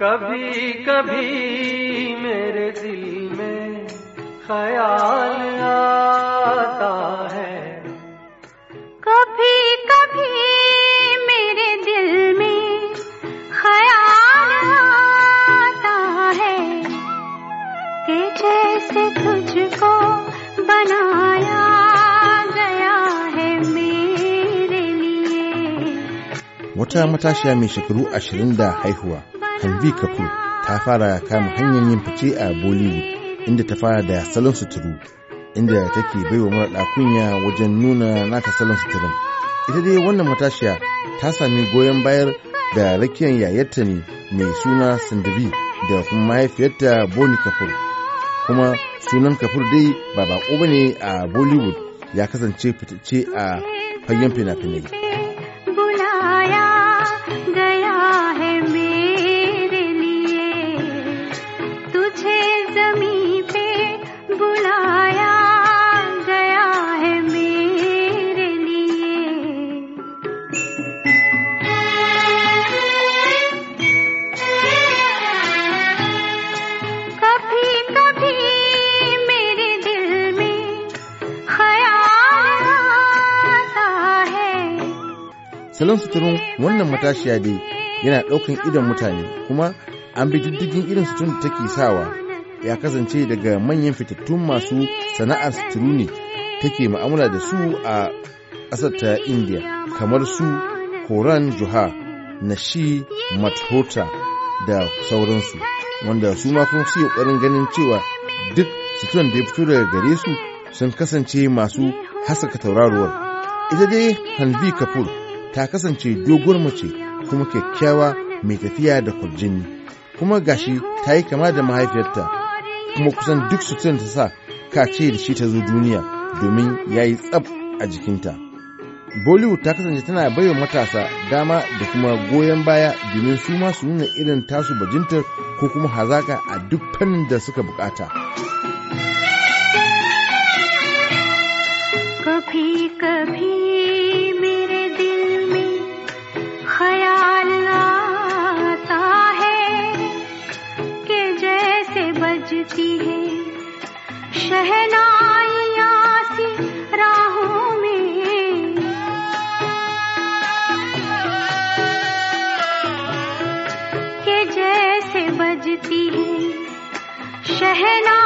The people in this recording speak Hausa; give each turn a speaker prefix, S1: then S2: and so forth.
S1: कभी कभी मेरे दिल में ख्याल आता है कभी कभी मेरे दिल में ख्याल आता है कि जैसे तुझको बनाया
S2: wata matashiya mai shekaru ashirin da haihuwa Kalvi Kapoor ta fara kama hanyar yin fice a Bollywood inda ta fara da salon suturu inda take baiwa mara kunya wajen nuna nata salon suturin. Ita dai wannan matashiya ta sami goyon bayar da rakiyar yayarta ne mai suna Sandavi da kuma mahaifiyarta Boni Kapoor. Kuma sunan Kapoor dai ba bako bane a Bollywood ya kasance fitacce a fagen fina-finai. salon suturun wannan matashiya dai yana ɗaukan idon mutane kuma an bi diddigin irin suturun da take sawa ya kasance daga manyan fitattun masu sana'ar suturu ne take ma'amala da su a ƙasar ta india kamar su koran juha nashi mathota da sauransu wanda su ma kun su ƙoƙarin ganin cewa duk suturan da ya fito daga gare su sun kasance masu hasaka tauraruwar ita dai hanvi kapoor ta kasance doguwar mace kuma kyakkyawa mai tafiya da kurjini kuma gashi ta yi kama da mahaifiyarta kuma kusan duk suturin ta sa ka ce da shi ta zo duniya domin ya yi tsab a jikinta bollywood ta kasance tana baiwa matasa dama da kuma goyon baya domin su ma su nuna irin tasu bajintar ko kuma hazaka a duk fannin da suka bukata.
S1: सजती है शहनाइया सी राहों में के जैसे बजती है शहना